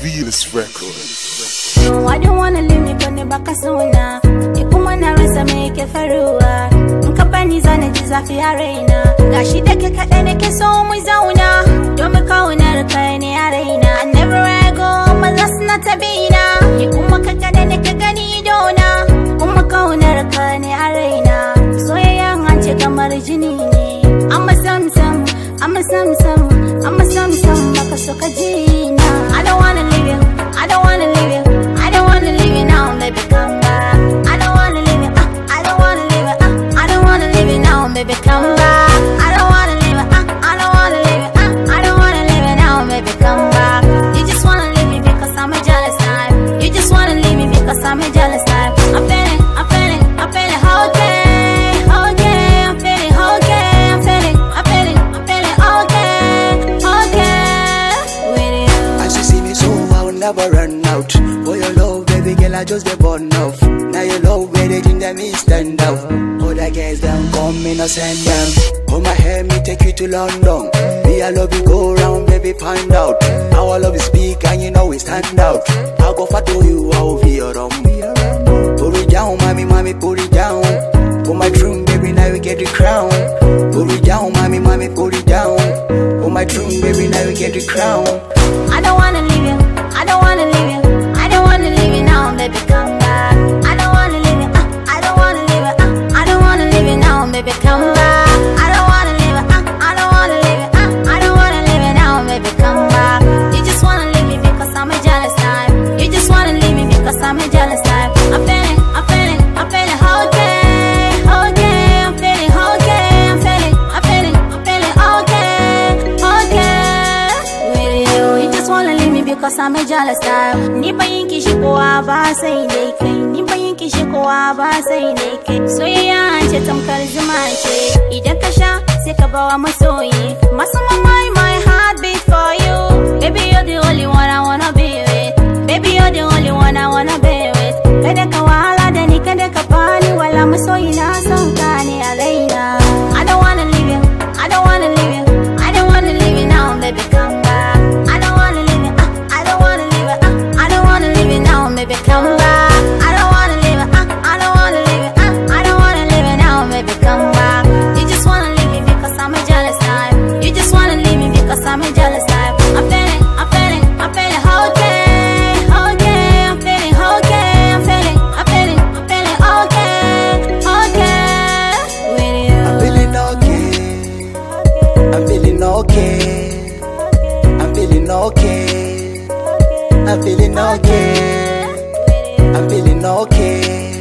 Venus Records. No, I don't wanna leave me kwenye baka suna Nikuma na wesa meke ferua Mkapani zane a fiarena Gashideke kaene keso umwiza I'm a some some, I'm a some some, makasoka jina. I don't wanna leave you, I don't wanna leave you, I don't wanna leave you now, baby come back. I don't wanna leave you, uh, I don't wanna leave you, uh, I don't wanna leave you now, baby come back. I don't never run out. For your love, baby girl, I just get born off. Now your love, baby, think that me stand out. Other girls them come in or send them. Hold my hand, me take you to London. Me, I love you, go round, baby, find out. Our love is big and you know we stand out. i go far to you, I'll be around. own. Put it down, mommy, mommy, put it down. Put my dream, baby, now we get the crown. Put it down, mommy, mommy, put it down. Put my dream, baby, now we get the crown. I don't wanna leave you. I don't wanna leave you ne ka I'm a style Ni bayin ki shi kowa ba sai ne kai Ni bayin ki shi kowa ba sai ne kai Soyayya ce tamkar zuma ce Idan ka sha sai ka bawa masoyi Masu my my heart beat for you I'm jealous type I'm feeling, I'm feeling, I'm feeling okay Okay, I'm feeling okay I'm feeling, I'm feeling, I'm feeling okay Okay With you I'm feeling okay I'm feeling okay I'm feeling okay I'm feeling okay I'm feeling okay